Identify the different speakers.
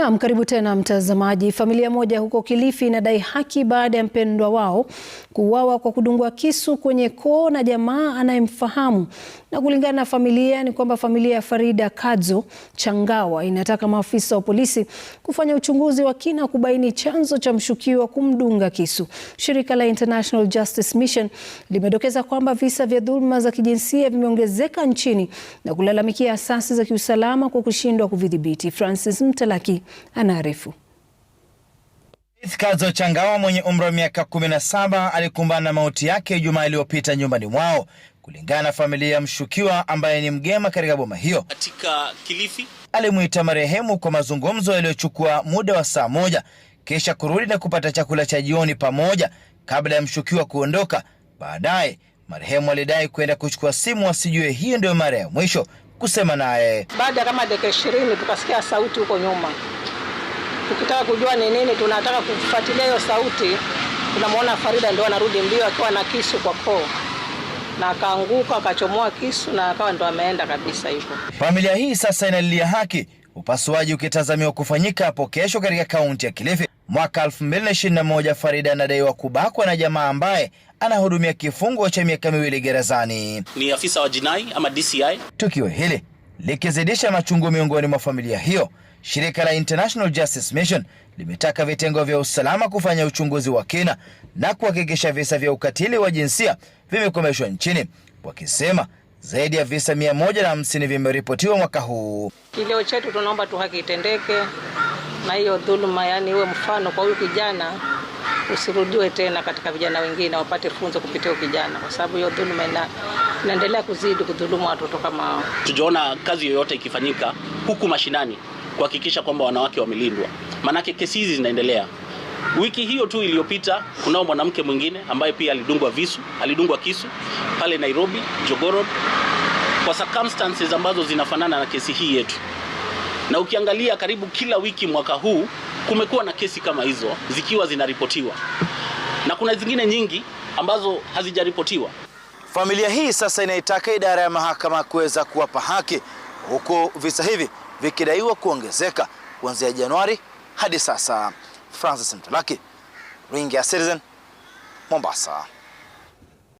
Speaker 1: Naam, karibu tena mtazamaji. Familia moja huko Kilifi inadai haki baada ya mpendwa wao kuuawa kwa kudungwa kisu kwenye koo na jamaa anayemfahamu. Na kulingana na familia ni kwamba familia ya Farida Kadzo Changawa inataka maafisa wa polisi kufanya uchunguzi wa kina kubaini chanzo cha mshukiwa kumdunga kisu. Shirika la International Justice Mission limedokeza kwamba visa vya dhuluma za kijinsia vimeongezeka nchini na kulalamikia asasi za kiusalama kwa kushindwa kuvidhibiti. Francis Mtalaki anaarifu.
Speaker 2: Faith Changawa mwenye umri wa miaka saba alikumbana na mauti yake Ijumaa iliyopita nyumbani mwao, kulingana na familia ya mshukiwa ambaye ni mgema katika boma hiyo
Speaker 3: katika Kilifi.
Speaker 2: Alimwita marehemu kwa mazungumzo yaliyochukua muda wa saa moja, kisha kurudi na kupata chakula cha jioni pamoja kabla ya mshukiwa kuondoka. Baadaye marehemu alidai kwenda kuchukua simu, asijue hiyo ndio mara ya mwisho kusema naye.
Speaker 4: Baada ya kama dakika ishirini tukasikia sauti huko nyuma tukitaka kujua ni nini, tunataka kufuatilia hiyo sauti. Tunamwona Farida ndio anarudi mbio akiwa na kisu kwa koo na akaanguka akachomoa kisu na akawa ndo ameenda kabisa hivyo.
Speaker 2: Familia hii sasa inalilia haki, upasuaji ukitazamiwa kufanyika hapo kesho katika kaunti ya Kilifi. Mwaka 2021 Farida anadaiwa kubakwa na jamaa ambaye anahudumia kifungo cha miaka miwili gerezani.
Speaker 3: Ni afisa wa jinai ama DCI.
Speaker 2: Tukio hili Likizidisha machungu miongoni mwa familia hiyo, shirika la International Justice Mission limetaka vitengo vya usalama kufanya uchunguzi wa kina na kuhakikisha visa vya ukatili wa jinsia vimekomeshwa nchini, wakisema zaidi ya visa 150 vimeripotiwa mwaka huu.
Speaker 4: Kilio chetu tunaomba tu haki itendeke, na hiyo dhuluma yani iwe mfano kwa huyu kijana, usirudiwe tena katika vijana wengine, wapate funzo kupitia kijana, kwa sababu hiyo dhuluma ina naendelea kuzidi kudhulumu watoto kama hao.
Speaker 5: Tujaona kazi yoyote ikifanyika huku mashinani kuhakikisha kwamba wanawake wamelindwa, maanake kesi hizi zinaendelea. Wiki hiyo tu iliyopita, kunao mwanamke mwingine ambaye pia alidungwa visu, alidungwa kisu pale Nairobi Jogoro, kwa circumstances ambazo zinafanana na kesi hii yetu. Na ukiangalia karibu kila wiki mwaka huu kumekuwa na kesi kama hizo zikiwa zinaripotiwa, na kuna zingine nyingi ambazo hazijaripotiwa.
Speaker 2: Familia hii sasa inaitaka idara ya mahakama kuweza kuwapa haki, huku visa hivi vikidaiwa kuongezeka kuanzia Januari hadi sasa. Francis Mtalaki, Ringi ya Citizen, Mombasa.